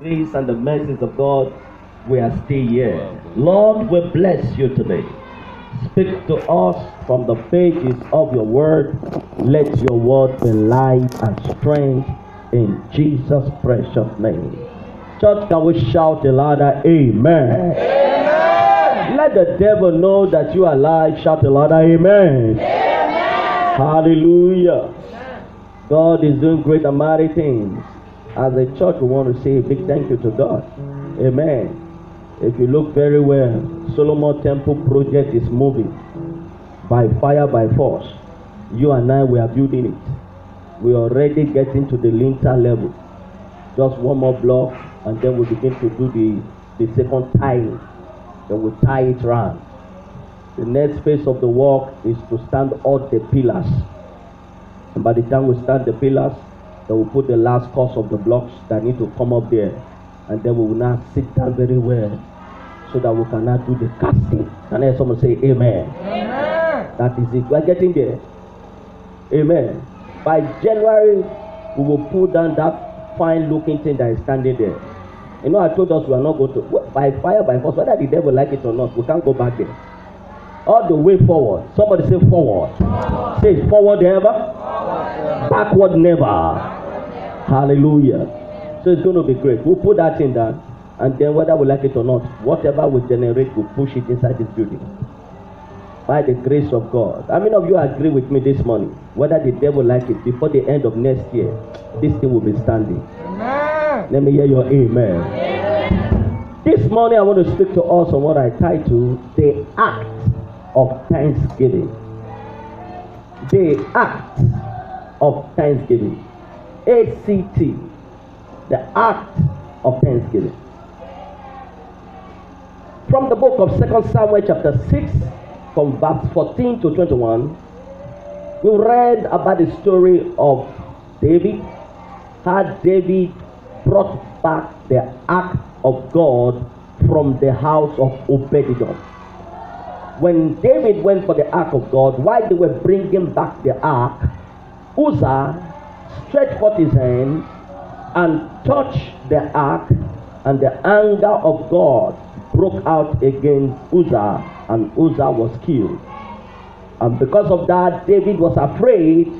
grace and the mercies of God, we are still here. Lord, we bless you today. Speak to us from the pages of your word. Let your word be light and strength in Jesus' precious name. Church, can we shout a louder amen. amen? Let the devil know that you are alive. Shout a louder amen. amen. Hallelujah. God is doing great and mighty things. As a church, we want to say a big thank you to God. Amen. If you look very well, Solomon Temple project is moving by fire, by force. You and I, we are building it. We are already getting to the lintel level. Just one more block, and then we begin to do the, the second tile. Then we tie it round. The next phase of the work is to stand all the pillars. And by the time we stand the pillars, That will put the last cost of the blocks that need to come up there, and then we will now sit down very well so that we can now do the casting. Can I someone say amen? amen? That is it. We are getting there. Amen. By January, we will pull down that fine looking thing that is standing there. You know, I told us we are not going to, by fire, by force, whether the devil like it or not, we can't go back there. All the way forward. Somebody say forward. forward. Say forward ever, forward. backward never. Hallelujah. So it's going to be great. We'll put that in there, and then whether we like it or not, whatever we generate, we'll push it inside this building. By the grace of God. How many of you agree with me this morning? Whether the devil like it, before the end of next year, this thing will be standing. Amen. Let me hear your amen. amen. This morning, I want to speak to us on what I title The Act of Thanksgiving. The Act of Thanksgiving. ACT, the act of thanksgiving. From the book of 2 Samuel, chapter 6, from verse 14 to 21, we read about the story of David, how David brought back the ark of God from the house of Obedidom. When David went for the ark of God, while they were bringing back the ark, Uzzah stretched forth his hand and touched the ark, and the anger of God broke out against Uzzah, and Uzzah was killed. And because of that, David was afraid,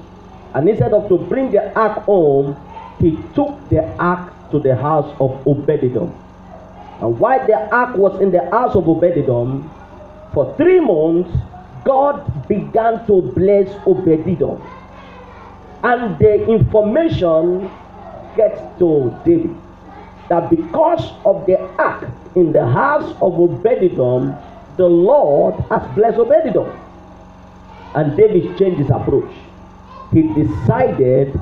and instead of to bring the ark home, he took the ark to the house of Obededom. And while the ark was in the house of Obededom, for three months, God began to bless Obededom. And the information gets to David that because of the act in the house of Obedidom, the Lord has blessed Obedidom. And David changed his approach. He decided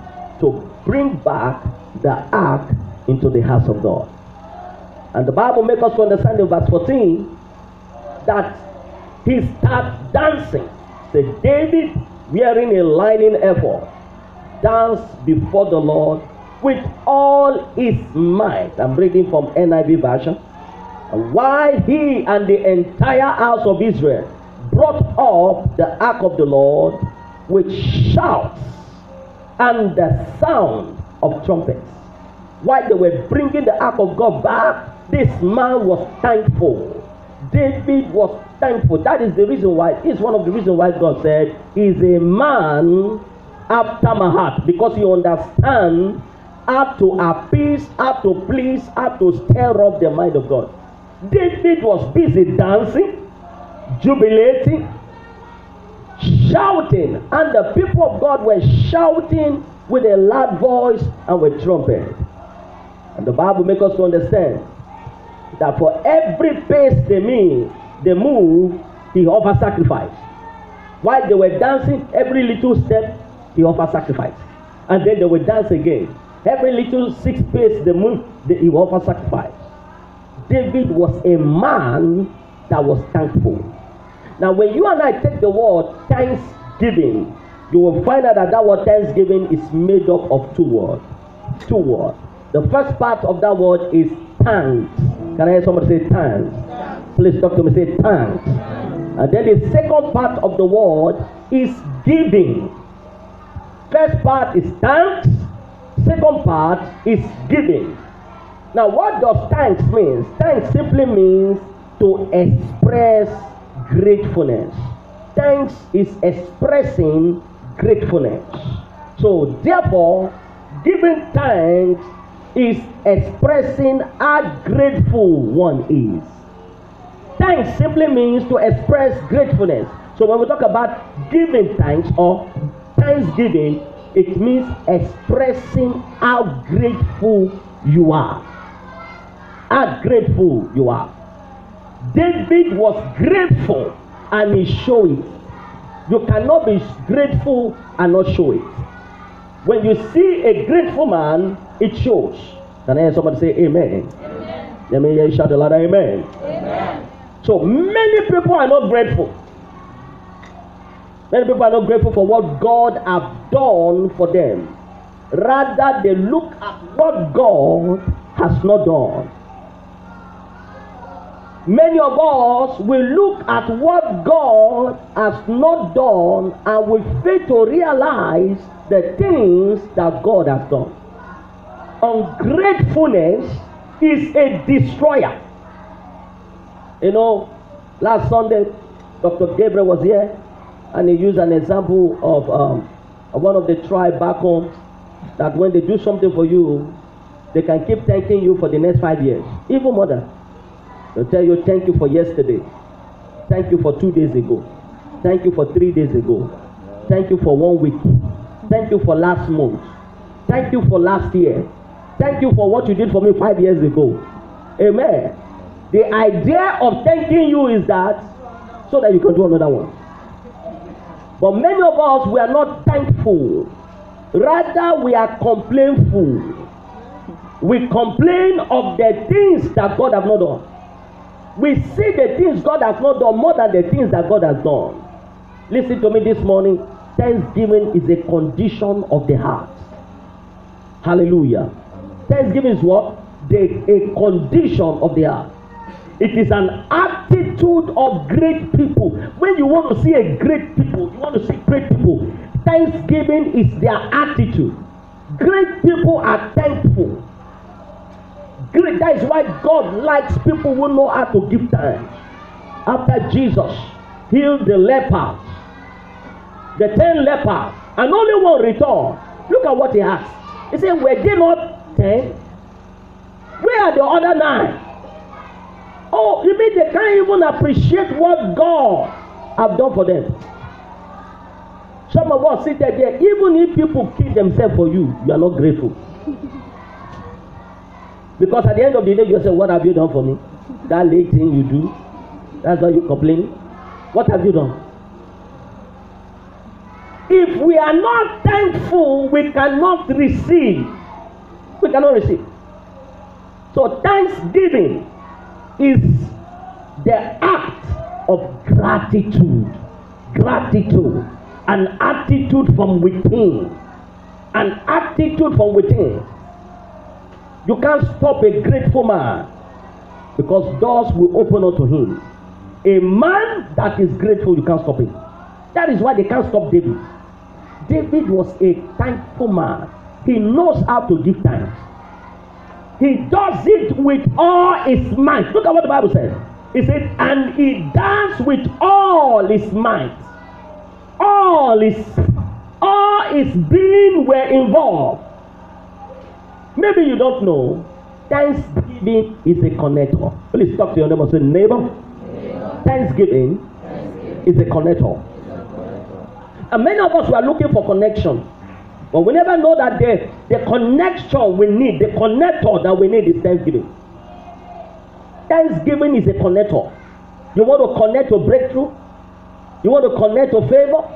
to bring back the ark into the house of God. And the Bible makes us understand in verse 14 that he starts dancing. So David wearing a lining effort dance before the Lord with all his might. I'm reading from NIV version. While he and the entire house of Israel brought up the ark of the Lord with shouts and the sound of trumpets. While they were bringing the ark of God back, this man was thankful. David was thankful. That is the reason why, it's one of the reasons why God said, he's a man after my heart because he understand how to appease, how to please, how to stir up the mind of God. David was busy dancing, jubilating, shouting, and the people of God were shouting with a loud voice and with trumpet. And the Bible makes us to understand that for every pace they move, they move, he offer sacrifice. While they were dancing, every little step he offered sacrifice. And then they would dance again. Every little six pace they moved, they, he offered sacrifice. David was a man that was thankful. Now, when you and I take the word thanksgiving, you will find out that that word thanksgiving is made up of two words. Two words. The first part of that word is thanks. Can I hear somebody say thanks? Please talk to me, say thanks. And then the second part of the word is giving. First part is thanks, second part is giving. Now, what does thanks mean? Thanks simply means to express gratefulness. Thanks is expressing gratefulness. So, therefore, giving thanks is expressing how grateful one is. Thanks simply means to express gratefulness. So, when we talk about giving thanks or thanksgiving, it means expressing how grateful you are. How grateful you are. David was grateful and he showed it. You cannot be grateful and not show it. When you see a grateful man, it shows. Can I hear somebody say amen? Let me hear you shout a louder amen. amen. So many people are not grateful. Many people are not grateful for what God have done for them. Rather, they look at what God has not done. Many of us will look at what God has not done and will fail to realize the things that God has done. Ungratefulness is a destroyer. You know, last Sunday, Dr. Gabriel was here and he used an example of um, one of the tribe back home that when they do something for you, they can keep thanking you for the next five years. Even mother, they'll tell you thank you for yesterday, thank you for two days ago, thank you for three days ago, thank you for one week, thank you for last month, thank you for last year, thank you for what you did for me five years ago. Amen. The idea of thanking you is that so that you can do another one. But many of us, we are not thankful. Rather, we are complainful. We complain of the things that God has not done. We see the things God has not done more than the things that God has done. Listen to me this morning. Thanksgiving is a condition of the heart. Hallelujah. Thanksgiving is what? The, a condition of the heart. It is an attitude of great people. When you want to see a great people, you want to see great people. Thanksgiving is their attitude. Great people are thankful. Great, that is why God likes people who know how to give thanks. After Jesus healed the lepers, the ten lepers, and only one returned. Look at what he asked. He said, Were they not ten? Where are the other nine? Oh, you mean they can't even appreciate what God have done for them? Some of us sit there, there. Even if people kill themselves for you, you are not grateful. because at the end of the day, you say, What have you done for me? That late thing you do, that's why you complain. What have you done? If we are not thankful, we cannot receive. We cannot receive. So, thanksgiving is the act of gratitude. Gratitude. An attitude from within. An attitude from within. You can't stop a grateful man because doors will open unto him. A man that is grateful, you can't stop him. That is why they can't stop David. David was a thankful man. He knows how to give thanks. He does it with all his might. Look at what the Bible says. He said, and he does with all his might. All his all his being were involved. Maybe you don't know. Thanksgiving is a connector. Please talk to your neighbor. Say, neighbor, Thanksgiving, Thanksgiving is a connector. Is a connector. And many of us were looking for connection. But we never know that the, the connection we need, the connector that we need is thanksgiving. Thanksgiving is a connector. You want to connect to breakthrough, you want to connect to favor,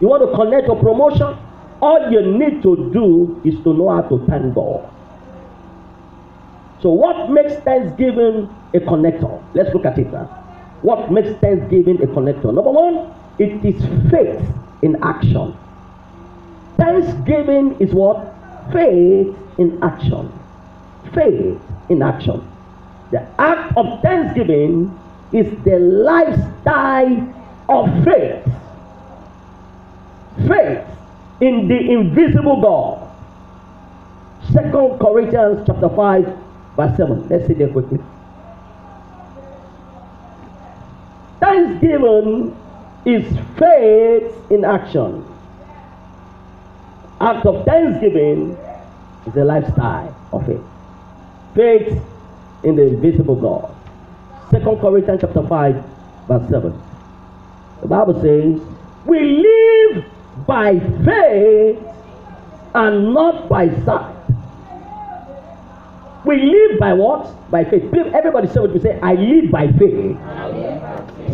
you want to connect to promotion. All you need to do is to know how to thank God. So, what makes Thanksgiving a connector? Let's look at it now. What makes Thanksgiving a connector? Number one, it is faith in action. Thanksgiving is what? Faith in action. Faith in action. The act of thanksgiving is the lifestyle of faith. Faith in the invisible God. Second Corinthians chapter 5, verse 7. Let's see there quickly. Thanksgiving is faith in action act of thanksgiving is a lifestyle of faith. Faith in the invisible God. Second Corinthians chapter 5, verse 7. The Bible says, We live by faith and not by sight. We live by what? By faith. Everybody say what you say. I live by faith.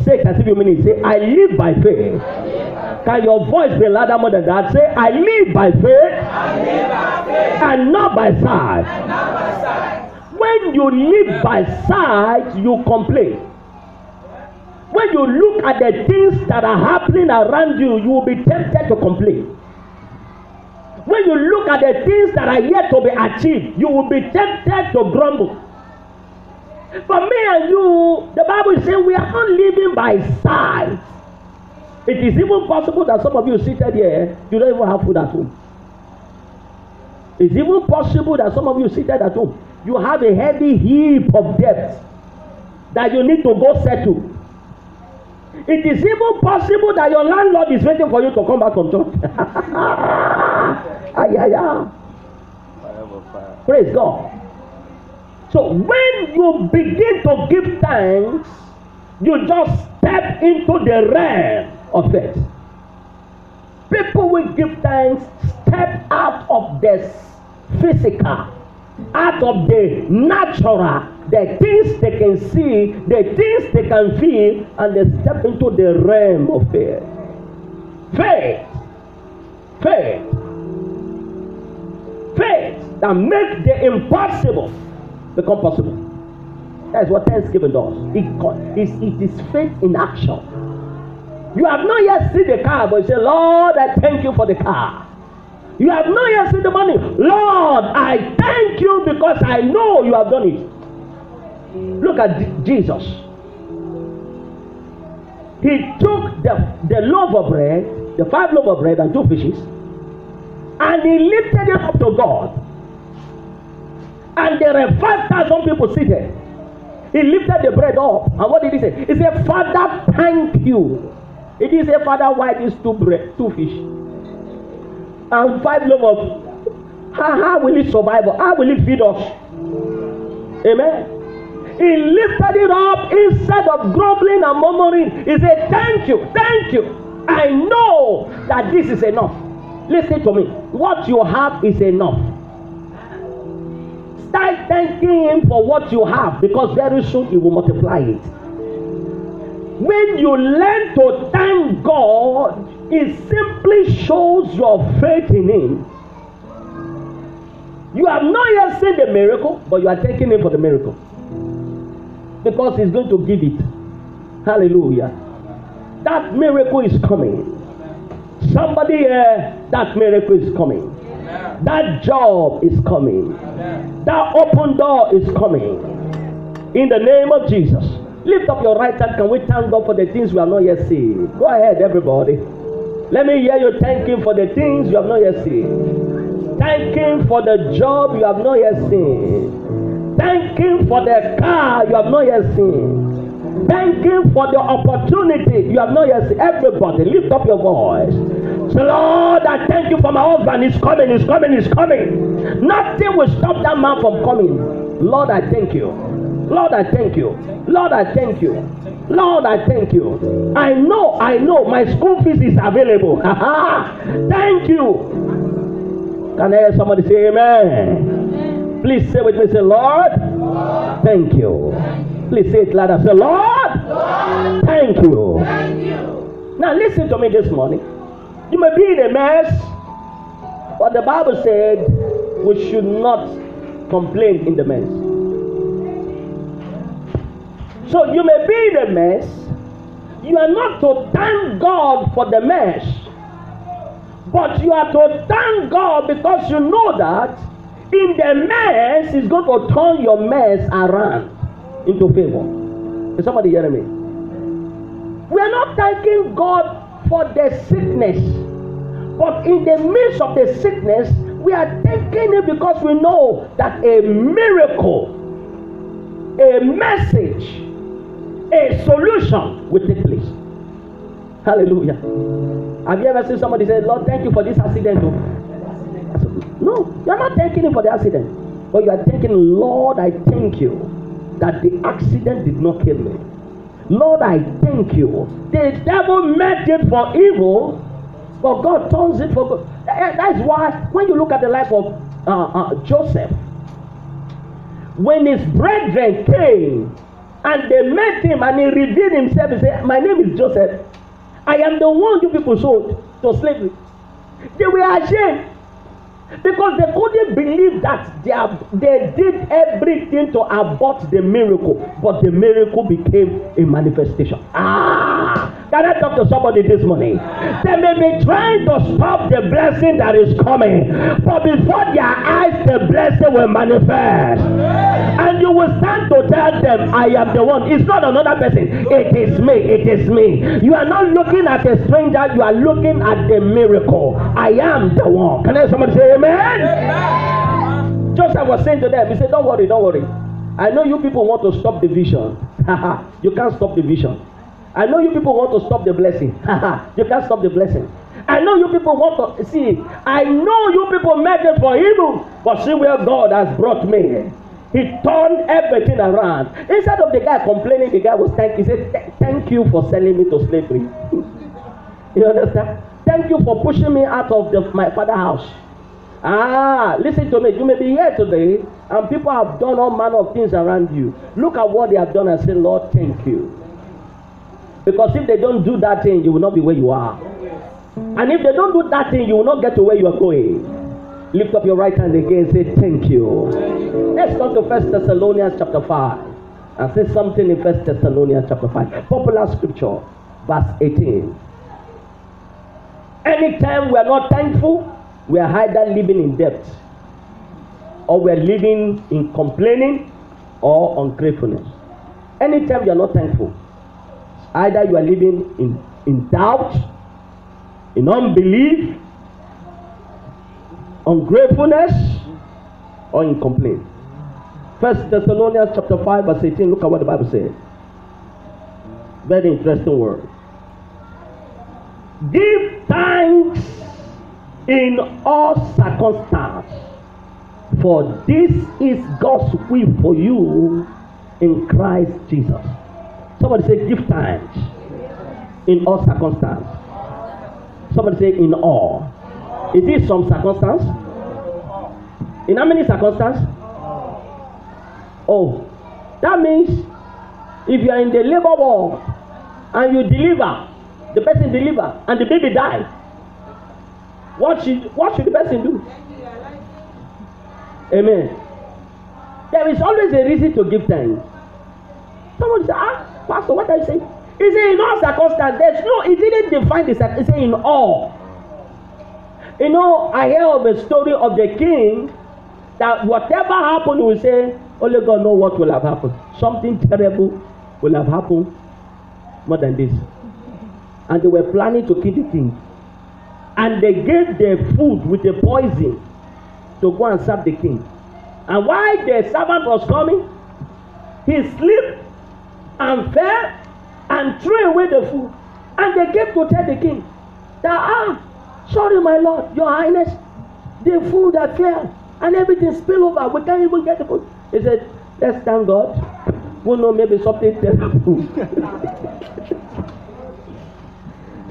Say it as if you mean it. Say, I live by faith. Can your voice be louder more than that? Say, I live by faith, live by faith and not by sight. And not by sight. When you live by sight, you complain. When you look at the things that are happening around you, you will be tempted to complain. When you look at the things that are yet to be achieved, you will be tempted to grumble. For me and you, the Bible says we are not living by sight. It is even possible that some of you seated here, you don't even have food at home. It's even possible that some of you seated at home, you have a heavy heap of debt that you need to go settle. It is even possible that your landlord is waiting for you to come back from church. ay, ay, ay. Praise God. So when you begin to give thanks, you just step into the realm of faith. People will give thanks step out of the physical, out of the natural, the things they can see, the things they can feel, and they step into the realm of faith. Faith. Faith. Faith that makes the impossible become possible. That's what Thanksgiving does. It, it is faith in action. You have not yet seen the car, but you say, Lord, I thank you for the car. You have not yet seen the money. Lord, I thank you because I know you have done it. Look at Jesus. He took the, the loaf of bread, the five loaf of bread and two fishes, and he lifted it up to God. And there were 5,000 people sitting. He lifted the bread up. And what did he say? He said, Father, thank you He didn't say, Father, why these two bread, two fish, and five loaves of? How, how will it survive? How will it feed us? Amen. He lifted it up instead of grumbling and murmuring. He said, Thank you, thank you. I know that this is enough. Listen to me. What you have is enough. Start thanking Him for what you have because very soon He will multiply it. When you learn to thank God, it simply shows your faith in Him. You have not yet seen the miracle, but you are thanking Him for the miracle. Because He's going to give it. Hallelujah. That miracle is coming. Somebody here, that miracle is coming. That job is coming. That open door is coming. In the name of Jesus. Lift up your right hand. Can we thank God for the things we have not yet seen? Go ahead, everybody. Let me hear you thank Him for the things you have not yet seen. Thank Him for the job you have not yet seen. Thank Him for the car you have not yet seen. Thank Him for the opportunity you have not yet seen. Everybody, lift up your voice. Say, Lord, I thank you for my husband. He's coming, he's coming, he's coming. Nothing will stop that man from coming. Lord, I thank you. Lord, I thank you. Lord, I thank you. Lord, I thank you. I know, I know my school fees is available. thank you. Can I hear somebody say amen? Please say with me, say, Lord, Lord thank you. Please say it louder. Say, Lord, Lord thank, you. thank you. Now listen to me this morning. You may be in a mess, but the Bible said we should not complain in the mess. So you may be in a mess. You are not to thank God for the mess, but you are to thank God because you know that in the mess is going to turn your mess around into favor. Is somebody hearing me? We are not thanking God for the sickness, but in the midst of the sickness, we are thanking Him because we know that a miracle, a message, a solution will take place. Hallelujah. Have you ever seen somebody say, Lord, thank you for this accident? Oh. No, you're not thanking him for the accident. But you are thanking, Lord, I thank you that the accident did not kill me. Lord, I thank you. The devil meant it for evil, but God turns it for good. Eh, eh, that's why when you look at the life of uh, uh, Joseph, when his brethren came And they met him and he revealed himself. He said, My name is Joseph. I am the one you people sold to slavery. They were ashamed because they couldn't believe that they, have, they did everything to abort the miracle, but the miracle became a manifestation. Ah! Can I talk to somebody this morning? They may be trying to stop the blessing that is coming, but before their eyes, the blessing will manifest. And you will stand to tell them, I am the one. It's not another person. It is me. It is me. You are not looking at a stranger, you are looking at the miracle. I am the one. Can I somebody say amen? amen. Joseph was saying to them, he said, Don't worry, don't worry. I know you people want to stop the vision. you can't stop the vision. I know you people want to stop the blessing. you can't stop the blessing. I know you people want to see. I know you people made it for evil, but see where God has brought me. He turned everything around. Instead of the guy complaining, the guy was thank. He said, "Thank you for selling me to slavery." you understand? Thank you for pushing me out of the, my father's house. Ah, listen to me. You may be here today, and people have done all manner of things around you. Look at what they have done and say, Lord, thank you. Because if they don't do that thing, you will not be where you are. And if they don't do that thing, you will not get to where you are going. Lift up your right hand again. Say thank you. Let's go to First Thessalonians chapter five. and say something in First Thessalonians chapter five. Popular scripture, verse eighteen. Anytime we are not thankful, we are either living in debt, or we are living in complaining, or ungratefulness. Anytime you are not thankful, Either you are living in, in doubt, in unbelief, ungratefulness, or in complaint. First Thessalonians chapter five verse eighteen. Look at what the Bible says. Very interesting word. Give thanks in all circumstances, for this is God's will for you in Christ Jesus. Somebody say, give thanks in all circumstances. Somebody say, in all. Is it some circumstance? In how many circumstances? Oh, that means if you are in the labor ward and you deliver, the person deliver and the baby die, what should what should the person do? Amen. There is always a reason to give thanks. Someone say, ah, Pastor, what are you saying? He said, in all circumstances. No, he didn't define this. circumstances. He said, in all. You know, I hear of a story of the king that whatever happened, he will say, only God know what will have happened. Something terrible will have happened more than this. And they were planning to kill the king. And they gave their food with the poison to go and serve the king. And while the servant was coming, he slipped and fell and threw away the food. And they came to tell the king that, ah, sorry, my lord, your highness, the food that fell and everything spilled over. We can't even get the food. He said, let's thank God. We know maybe something terrible.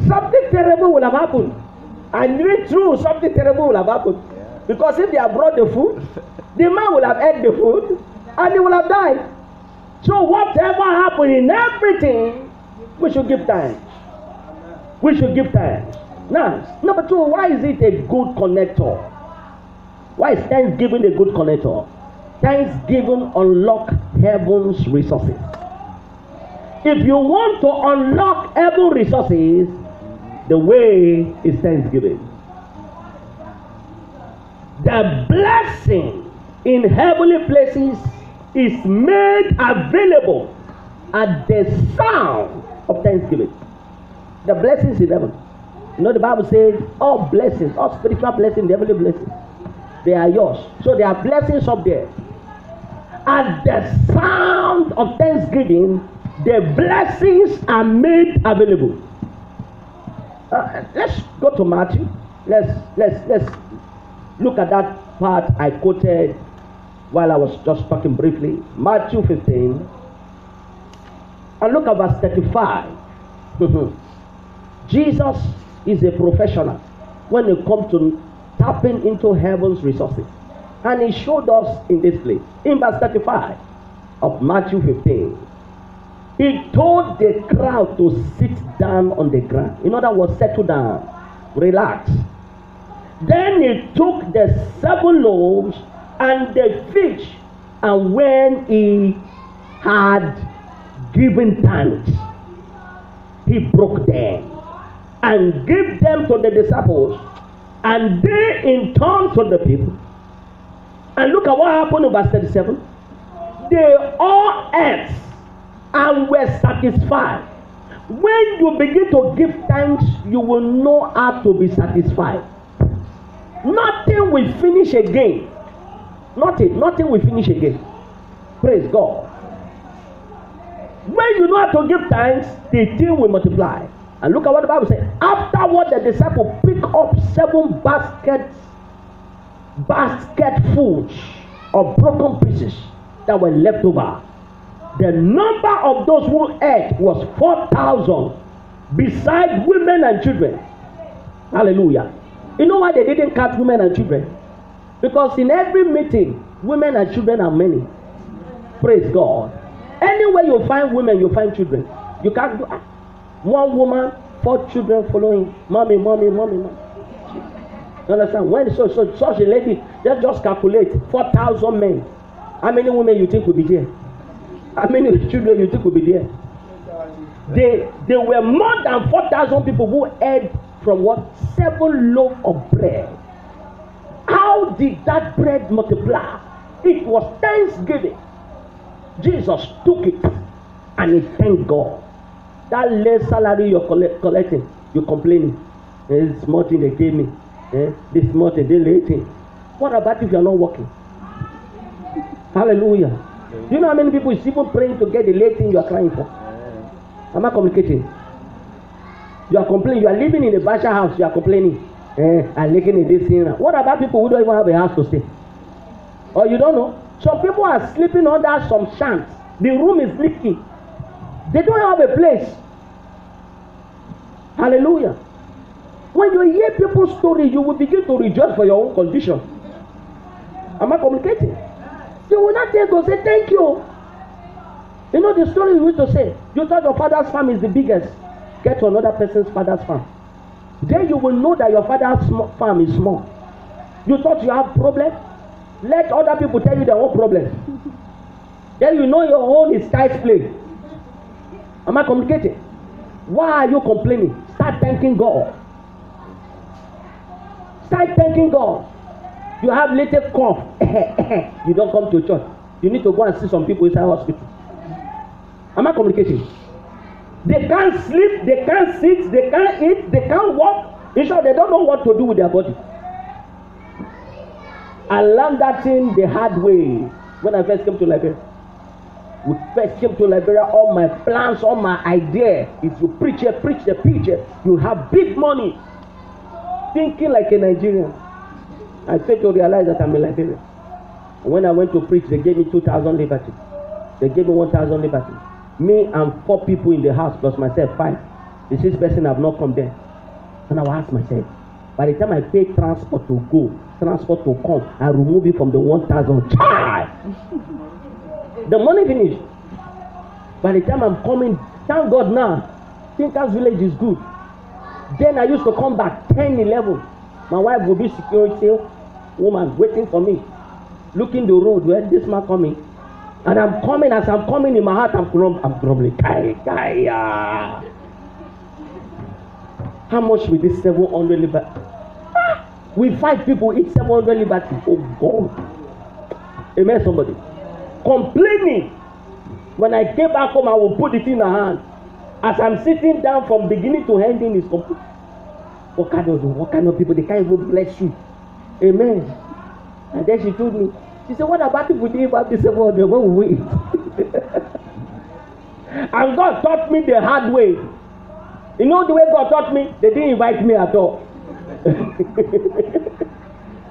something terrible will have happened. I knew it true, something terrible will have happened. Yeah. Because if they have brought the food, the man will have ate the food and he will have died. So whatever happened in everything, we should give thanks. We should give thanks. Now, number two, why is it a good connector? Why is thanksgiving a good connector? Thanksgiving unlock heaven's resources. If you want to unlock heaven resources, the way is thanksgiving. The blessing in heavenly places is made available at the sound of thanksgiving. The blessings in heaven. You know, the Bible says all blessings, all spiritual blessings, heavenly blessings, they are yours. So there are blessings up there. At the sound of thanksgiving, the blessings are made available. Uh, let's go to Matthew. Let's let's let's look at that part I quoted while I was just talking briefly, Matthew 15, and look at verse 35. Jesus is a professional when it comes to tapping into heaven's resources. And he showed us in this place, in verse 35 of Matthew 15. He told the crowd to sit down on the ground. In other words, settle down, relax. Then he took the seven loaves and the fish, and when he had given thanks, he broke them and gave them to the disciples, and they in turn to the people. And look at what happened in verse 37. They all ate and were satisfied. When you begin to give thanks, you will know how to be satisfied. Nothing will finish again Nothing, nothing will finish again. Praise God. When you know how to give thanks, the thing will multiply. And look at what the Bible says. Afterward, the disciple picked up seven baskets, basketfuls of broken pieces that were left over. The number of those who ate was four thousand, besides women and children. Hallelujah. You know why they didn't count women and children? Because in every meeting, women and children are many. Praise God. Anywhere you find women, you find children. You can't do ah, one woman, four children following. Mummy, mummy, mummy, mummy. You understand? When so, so such a lady, just just calculate four thousand men. How many women you think will be there? How many children you think will be there? They they were more than four thousand people who heard from what seven loaf of bread. How did that bread multiply? It was thanksgiving. Jesus took it and he thanked God. That less salary you're collect, collecting, you're complaining. this morning they gave me. Eh, this morning they late. What about if you're not working? Hallelujah. Amen. Do you know how many people is even praying to get the late thing you are crying for? Amen. Am I communicating? You are complaining. You are living in a bachelor house. You are complaining eh, and living in this era. What about people who don't even have a house to stay? Or you don't know? Some people are sleeping under some shant. The room is leaky. They don't have a place. Hallelujah. When you hear people's story, you will begin to rejoice for your own condition. Am I communicating? You will not take to say thank you. You know the story we used to say. You thought your father's farm is the biggest. Get to another person's father's farm. Then you will know that your father's farm is small. You thought you have problem. Let other people tell you their own problem. then you know your own is tight play. Am I communicating? Why are you complaining? Start thanking God. Start thanking God. You have little cough. you don't come to church. You need to go and see some people inside hospital. Am I communicating? They can't sleep, they can't sit, they can't eat, they can't walk. In short, they don't know what to do with their body. I learned that thing the hard way when I first came to Liberia. We first came to Liberia, all my plans, all my idea if you preach here, preach the preacher, you have big money. Thinking like a Nigerian. I failed to realize that I'm a Liberian. When I went to preach, they gave me two thousand liberty. They gave me one thousand liberty me and four people in the house plus myself five the sixth person have not come there and i will ask myself by the time i pay transport to go transport to come i remove it from the one thousand chai the money finish by the time i'm coming thank god now thinkers village is good then i used to come back ten eleven my wife go be security woman waiting for me looking the road where this man coming And I'm coming, as I'm coming in my heart, I'm, grum- I'm grumbling. Kai, kai, ah. How much will this 700 liberty? Ah, We five people, it's 700 liberty. Oh God. Amen, somebody. Complaining. When I came back home, I will put it in her hand. As I'm sitting down from beginning to ending, is complete. What kind of what kind of people they can't even bless you? Amen. And then she told me, She said, What about if we didn't have this seven hundred? What will we eat? and God taught me the hard way. You know the way God taught me? They didn't invite me at all.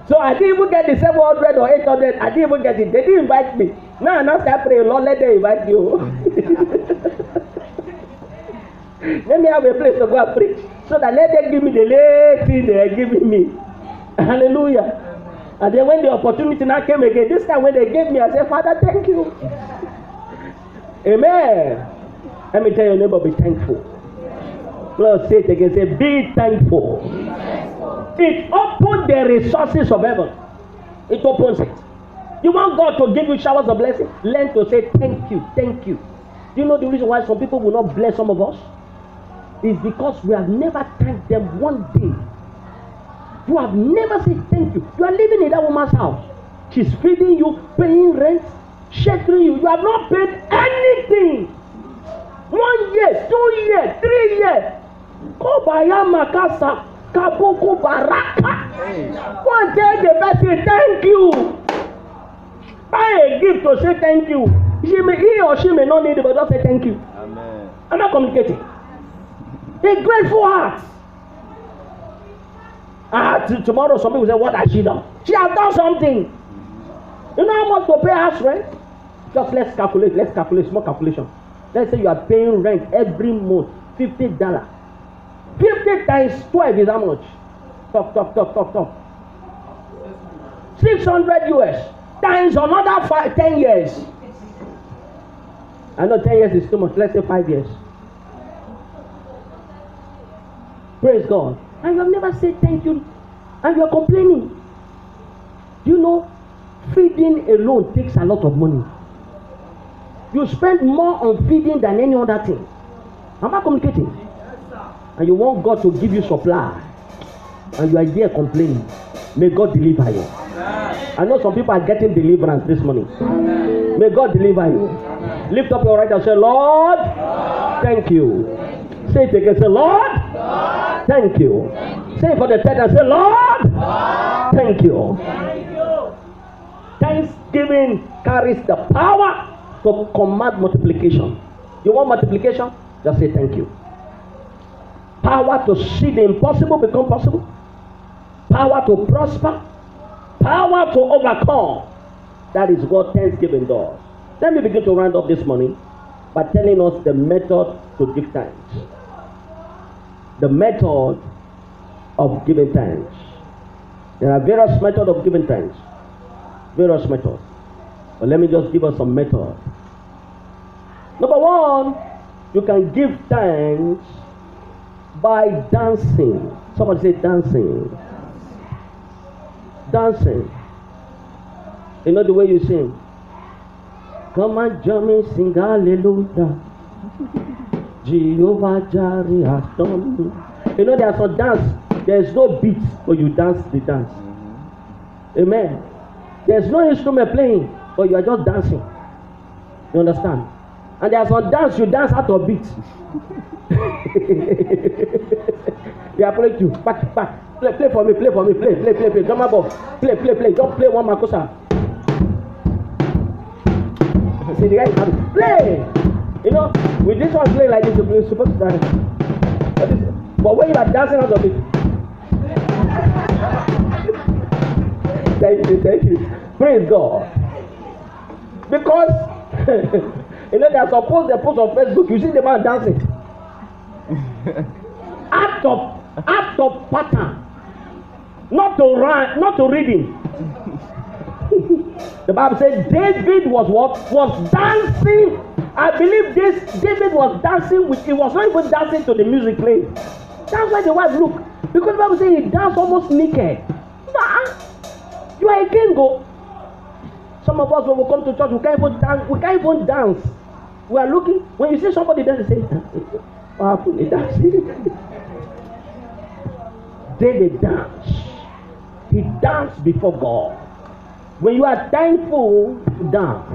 so I didn't even get the seven hundred or eight hundred. I didn't even get it. They didn't invite me. Now and after I pray, Lord, let them invite you. let me have a place to go and preach. So that let them give me the late thing they are giving me. Hallelujah. And then when the opportunity now came again, this time when they gave me, I said, Father, thank you. Amen. Let me tell your neighbor, be thankful. Lord, say it again. Say, be thankful. Be thankful. It opens the resources of heaven. It opens it. You want God to give you showers of blessing? Learn to say thank you, thank you. Do you know the reason why some people will not bless some of us? It's because we have never thanked them one day You have never said thank you. You are living in that woman's house. She's feeding you, paying rent, sheltering you. You have not paid anything. One year, two years, three years. Kobaya makasa kaboko baraka. Go and tell the person thank you. Buy a gift to say thank you. She may, he or she may not need it, but just say thank you. Amen. I'm not communicating. A grateful heart. Ah, t- tomorrow some people say, What has she done? She has done something. You know how much to pay us rent? Just let's calculate, let's calculate, small calculation. Let's say you are paying rent every month, fifty dollar. Fifty times twelve is how much? Top, top, top, top, top. Six hundred US times another five, ten years. I know ten years is too much. Let's say five years. Praise God and you have never said thank you and you are complaining you know feeding alone takes a lot of money you spend more on feeding than any other thing am i communicating and you want god to give you supply and you are here complaining may god deliver you i know some people are getting deliverance this morning may god deliver you lift up your right hand and say lord thank you. Say it again. Say, Lord, Lord thank, you. thank you. Say for the third I say, Lord, Lord thank, you. thank you. Thanksgiving carries the power to command multiplication. You want multiplication? Just say thank you. Power to see the impossible become possible. Power to prosper. Power to overcome. That is what Thanksgiving does. Let me begin to round up this morning by telling us the method to give thanks. the method of giving thanks. There are various methods of giving thanks. Various methods. But let me just give us some methods. Number one, you can give thanks by dancing. Somebody say dancing. Dancing. You know the way you sing. Come and join me, sing hallelujah. Jehovah Jireh has done You know, there there's some dance. There is no beat, but you dance the dance. Mm-hmm. Amen. There is no instrument playing, but you are just dancing. You understand? And there there's some dance you dance out of beat. they are playing you back back. Play, play for me, play for me, play, play, play, play. Drummer ball, play, play, play. Just play one makosa. See the guy Play. You know, with this one playing like this, you're supposed to dance. But, this, but when you are dancing out of it, thank you, thank you. Praise God. Because you know they are supposed to post on Facebook, you see the man dancing. Act of act of pattern not to run not to read him the bible says david was what was dancing I believe this David was dancing with he was not even dancing to the music playing. That's why the wife look because the Bible say he danced almost naked. Ma, you are a king go. Some of us when we come to church we can't even dance. We can't even dance. We are looking when you see somebody dancing. you say what happened he dancing. David danced. He danced before God. When you are thankful, dance.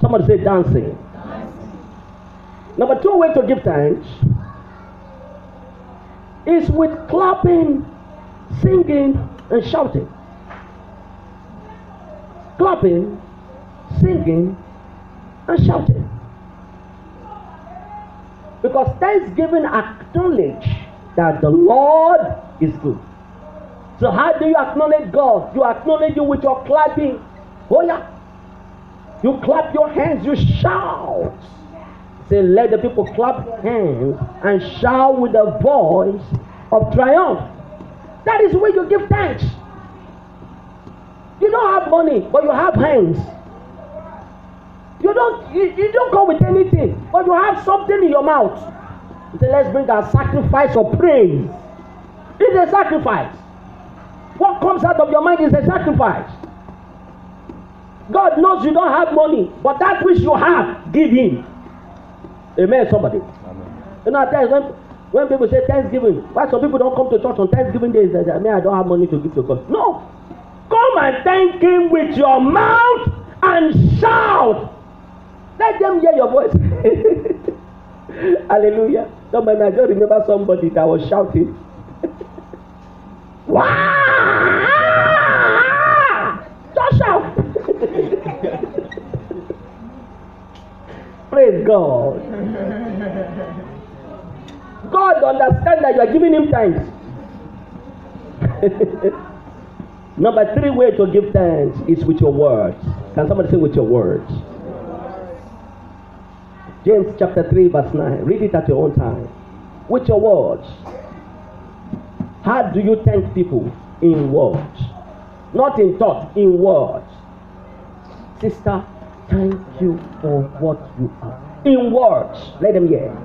Somebody say dancing. Number two way to give thanks is with clapping, singing, and shouting. Clapping, singing, and shouting. Because thanksgiving acknowledge that the Lord is good. So how do you acknowledge God? You acknowledge you with your clapping. Oh yeah. You clap your hands, you shout. Say, let the people clap hands and shout with a voice of triumph. That is where you give thanks. You don't have money, but you have hands. You don't you, you don't go with anything, but you have something in your mouth. Say, let's bring a sacrifice of praise. It's a sacrifice. What comes out of your mind is a sacrifice. God knows you don't have money, but that which you have, give Him. Amen, somebody. Amen. You know, I tell you, when, when people say Thanksgiving, why some people don't come to church on Thanksgiving days? They say, I mean, I don't have money to give to God. No. Come and thank Him with your mouth and shout. Let them hear your voice. Hallelujah. Somebody, I just remember somebody that was shouting. wow! Just shout. Praise God. God understand that you are giving him thanks. Number three way to give thanks is with your words. Can somebody say with your words? James chapter 3, verse 9. Read it at your own time. With your words. How do you thank people? In words. Not in thought, in words. Sister, thank you for what you are. In words. Let them hear.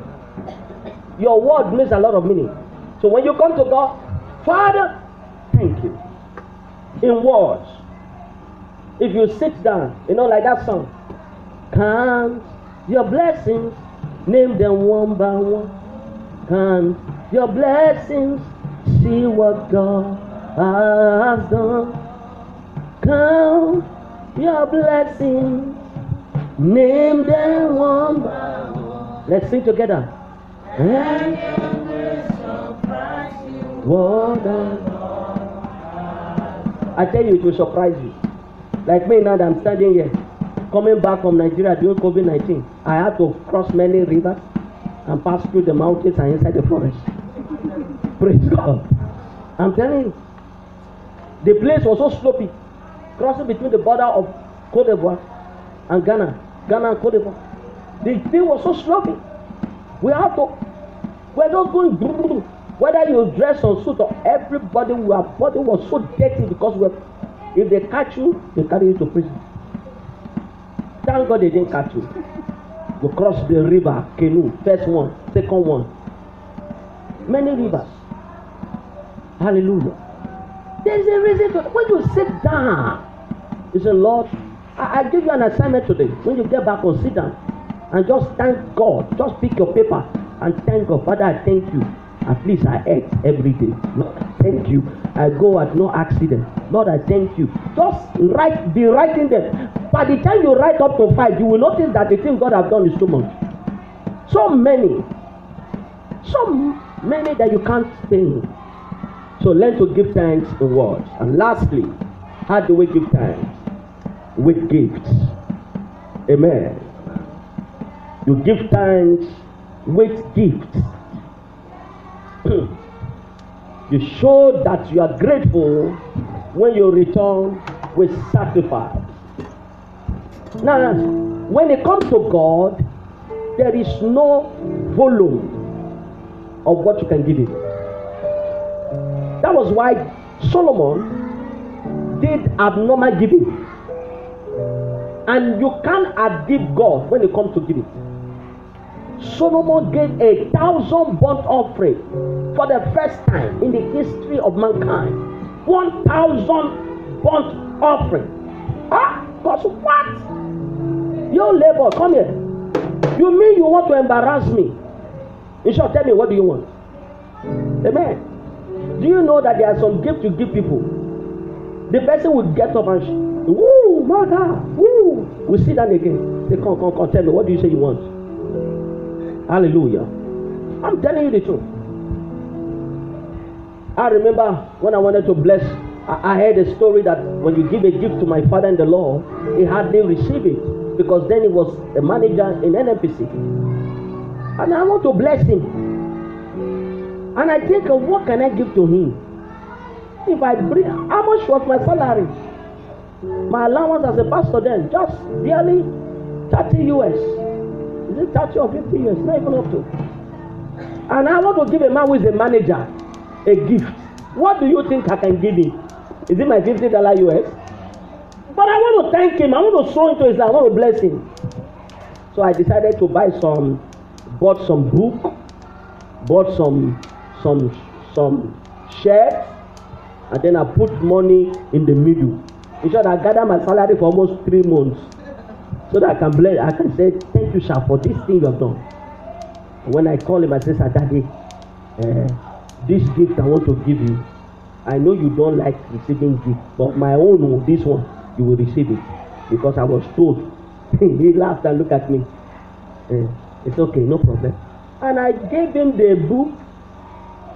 your word makes a lot of meaning. So when you come to God, Father, thank you. In words. If you sit down, you know, like that song, count your blessings, name them one by one. Count your blessings, see what God has done. Count your blessings, name them one by one. Let's sing together. I tell you, it will surprise you. Like me now that I'm standing here, coming back from Nigeria during COVID 19, I had to cross many rivers and pass through the mountains and inside the forest. Praise God. I'm telling you, the place was so sloppy. crossing between the border of Cote d'Ivoire and Ghana, Ghana and Cote d'Ivoire. The thing was so sloppy. We had to We're just going whether you dress or suit or everybody our body was so dirty because we if they catch you they carry you to prison thank god they didn't catch you you cross the river canoe first one second one many rivers hallelujah There is a reason for when you sit down you say lord i i give you an assignment today when you get back on sit down and just thank god just pick your paper and thank God, Father, I thank you. At least I ate every day. Lord, thank you. I go at no accident. Lord, I thank you. Just write, be writing them. By the time you write up to five, you will notice that the thing God has done is too much. So many, so many that you can't think. So learn to give thanks in words. And lastly, how do we give thanks? With gifts. Amen. You give thanks with gifts. you show that you are grateful when you return with sacrifice. Now, when it comes to God, there is no volume of what you can give Him. That was why Solomon did abnormal giving. And you can't outgive God when it comes to giving. Solomon gave a thousand burnt offering for the first time in the history of mankind. One thousand burnt offering. Ah, because what? Your labor, come here. You mean you want to embarrass me? You shall tell me what do you want? Amen. Do you know that there are some gifts you give people? The person will get up and sh- woo, my God, woo. We see that again. They come, come, come, tell me, what do you say you want? Hallelujah. I'm telling you the truth. I remember when I wanted to bless, I, heard a story that when you give a gift to my father in the law, he hardly received it because then he was a manager in NMPC, And I want to bless him. And I think, uh, what can I give to him? If I bring, how much was my salary? My allowance as a pastor then, just barely 30 US. Is it 30 or 50 years? Not even up to. And I want to give a man who is a manager a gift. What do you think I can give him? Is it my fifty dollar US? But I want to thank him. I want to sow into his life. I want to bless him. So I decided to buy some, bought some book, bought some, some, some shirt, and then I put money in the middle. In short, I gather my salary for almost three months so that I can bless. I can say, thank you, Sha, for this thing you have done. When I call him, I say, Sir, Daddy, uh, this gift I want to give you. I know you don't like receiving gift, but my own, this one, you will receive it. Because I was told. he laughed and looked at me. Uh, it's okay, no problem. And I gave him the book.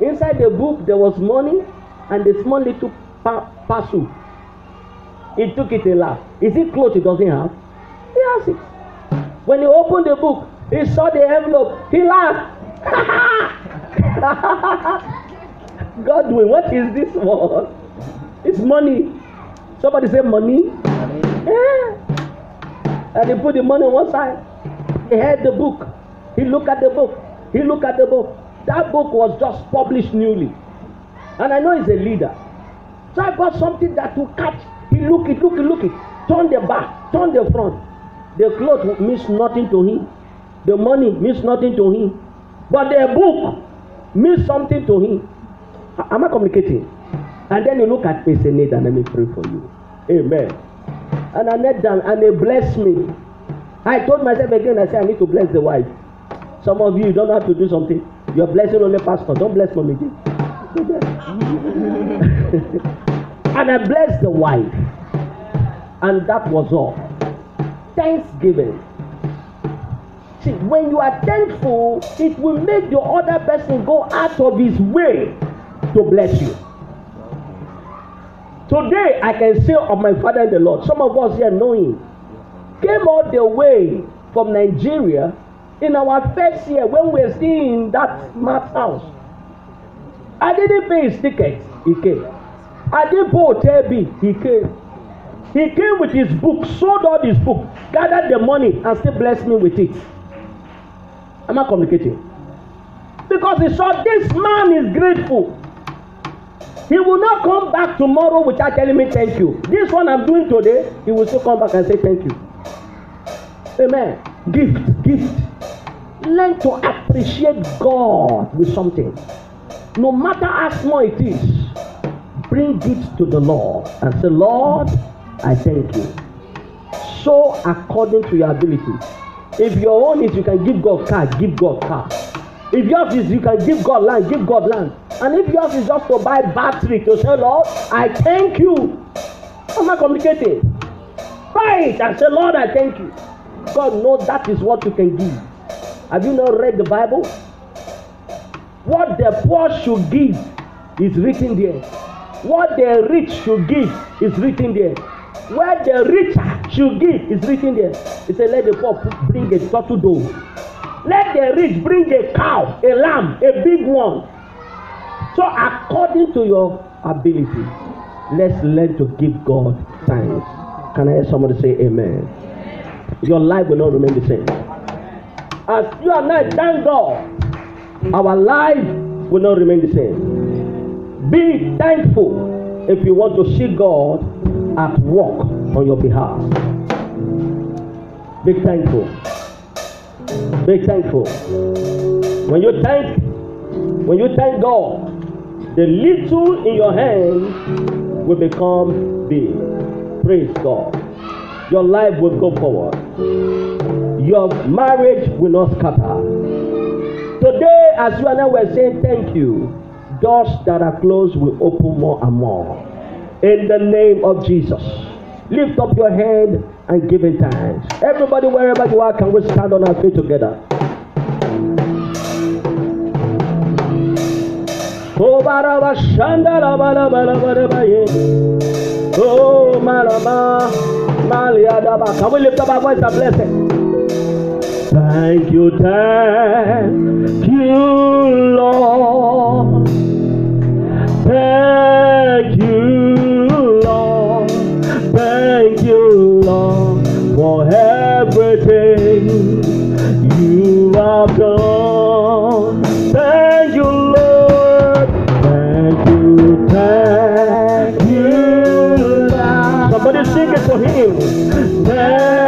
Inside the book, there was money and a small little pa- parcel. He took it and laughed. Is it clothes he doesn't have? He has it. When he opened the book, he saw the envelope. He laughed. Godwin, what is this one? It's money. Somebody say money. money. Yeah. And he put the money on one side. He had the book. He looked at the book. He looked at the book. That book was just published newly. And I know he's a leader. So I got something that will catch. He look it, look it, look it. Turn the back, turn the front. The cloth means nothing to him. The money means nothing to him. But the book means something to him. Am I communicating? And then you look at me, say, and let me pray for you. Amen. And I knelt down and they bless me. I told myself again, I say, I need to bless the wife. Some of you don't have to do something. Your blessing only pastor. Don't bless mommy. and I bless the wife. And that was all thanksgiving. See, when you are thankful, it will make the other person go out of his way to bless you. Today, I can say of my father in the Lord, some of us here know him, came all the way from Nigeria in our first year when we were still in that mad house. I didn't pay his ticket, he came. I didn't pay hotel bill, he came. He came with his book, sold all his book, gathered the money, and still bless me with it. Am I communicating? Because he saw this man is grateful. He will not come back tomorrow without telling me thank you. This one I'm doing today, he will still come back and say thank you. Amen. Gift, gift. Learn to appreciate God with something. No matter how small it is, bring it to the Lord and say, Lord, I thank you. So according to your ability. If your own is you can give God car, give God car. If yours is you can give God land, give God land. And if yours is just to buy battery to say, Lord, I thank you. I'm not communicating. Right, and say, Lord, I thank you. God knows that is what you can give. Have you not read the Bible? What the poor should give is written there. What the rich should give is written there where the rich should give is written there he say let the poor bring a turtle dove let the rich bring a cow a lamb a big one so according to your ability let's learn to give god thanks can i hear somebody say amen your life will not remain the same as you and i thank god our life will not remain the same be thankful if you want to see god at work on your behalf. Be thankful. Be thankful. When you thank, when you thank God, the little in your hand will become big. Praise God. Your life will go forward. Your marriage will not scatter. Today, as you and I were saying, thank you. Doors that are closed will open more and more. in the name of Jesus. Lift up your hand and give it thanks. Everybody, wherever you are, can we stand on our feet together? Oh, baraba shanda la ba la ba ye. Oh, malama malia da Can we lift up our voice and bless it? Thank you, thank you, Lord. Thank have done. Thank you, Lord. Thank you, thank you. Lord. Somebody sing it for him. Thank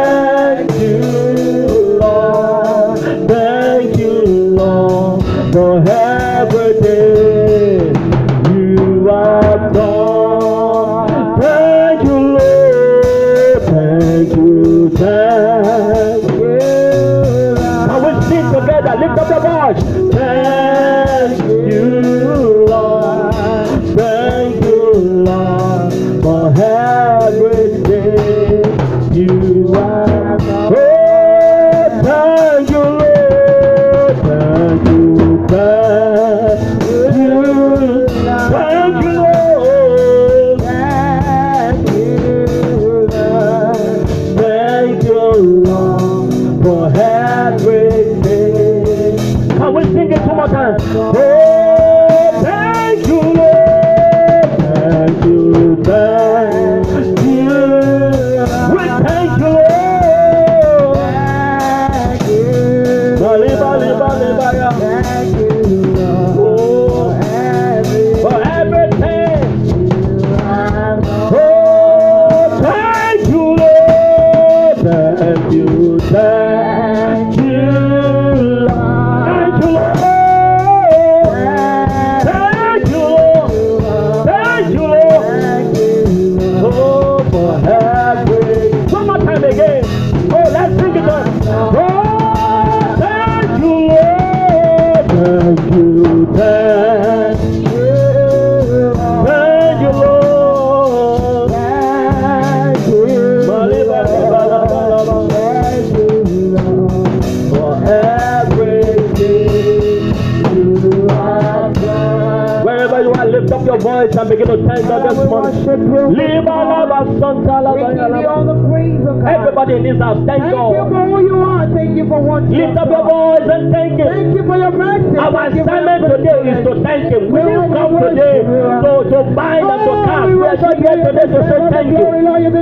in this Thank, thank God. Thank you for who you are. Thank you for what you Lift up your voice and thank Him. Thank you for your mercy. Our thank assignment today is to thank Him. We did come today to, to bind and to oh, cast. We are here today to say thank you. We thank you, Lord. We thank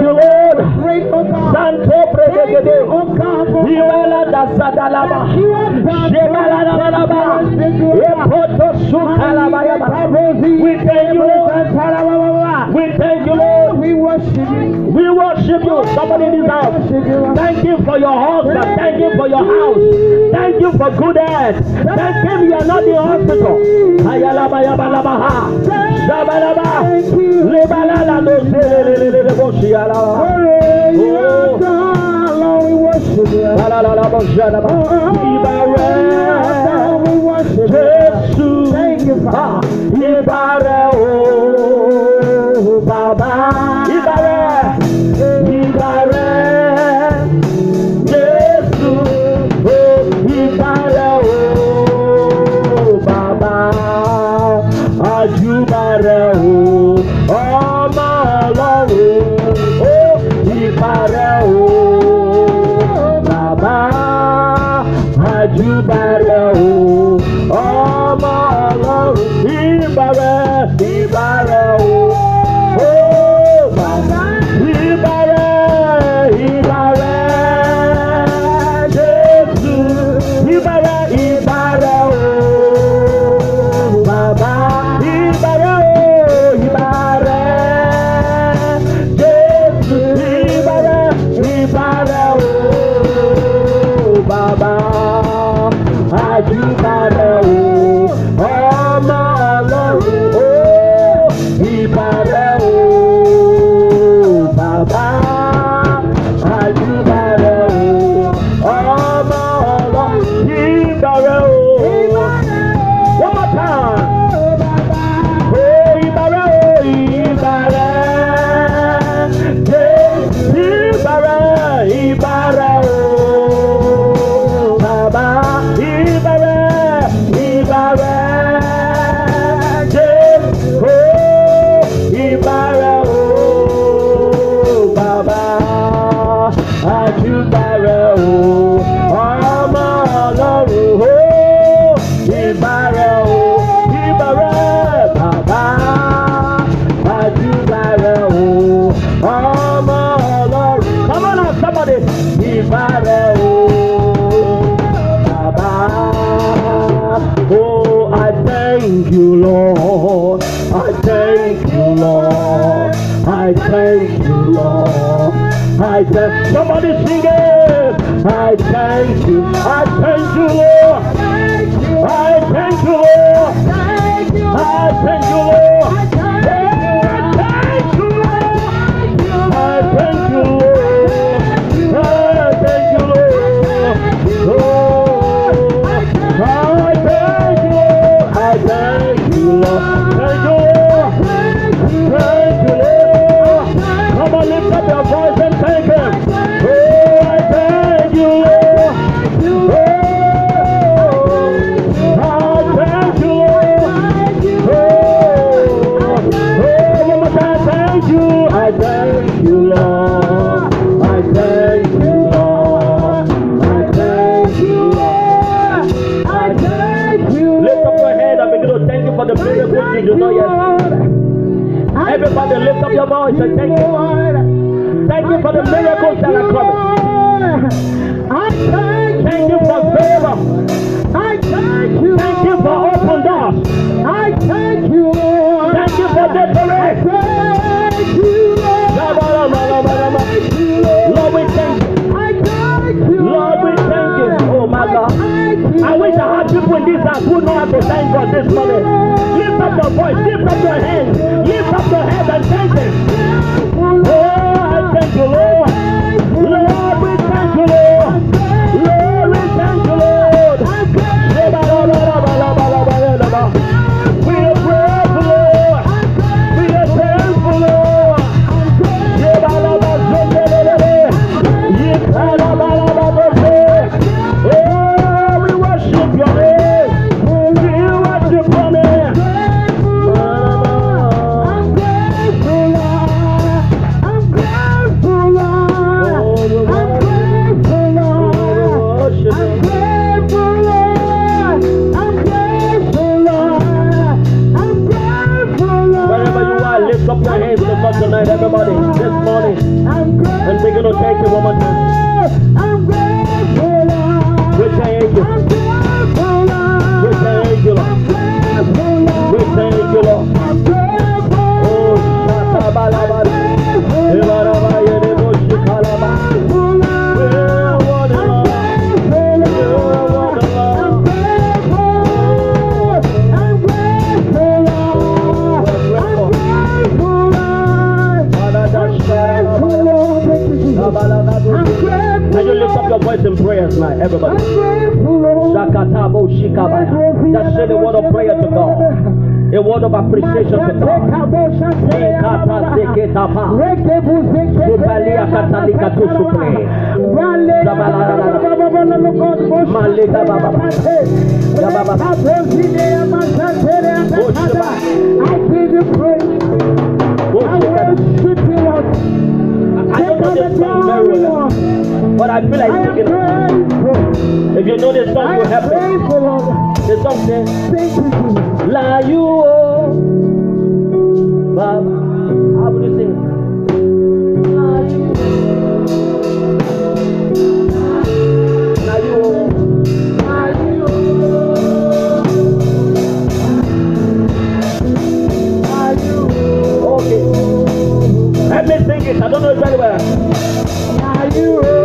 you, Lord. Oh Santo Predegede. Oh Ibala da Sadalaba. We thank you, Lord. We worship you. We worship you. Somebody in this house. Thank you for your husband. Thank you for your house. Thank you for good health. Thank him you are not in hospital. Oh, ìbá rẹ̀ o bàbá ìbá miracles that are coming. I thank, you for favor. I thank you. Thank you for doors. I thank you. Thank you for Thank you. Lord, we thank you. I thank you. Lord, we thank you. Oh my God. I wish I had people in this house who know how to thank God this morning. Lift up your voice, lift up your hands, lift up your head and thank Him. Oh, I thank you, Lord. word of prayer to God a word of appreciation to God. I give you praise. I worship you, Lord. I don't know this song very well, but I feel like singing. If you know this song, will help me. The song says, thank you, la you oh. how would you sing? Okay. Let me it. I don't know exactly where. Are you?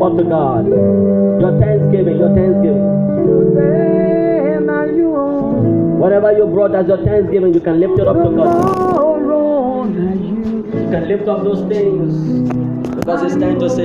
come unto God. Your thanksgiving, your thanksgiving. Whatever you brought as your thanksgiving, you can lift it up to God. You can lift up those things because it's time to say.